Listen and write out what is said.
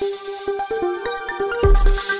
Música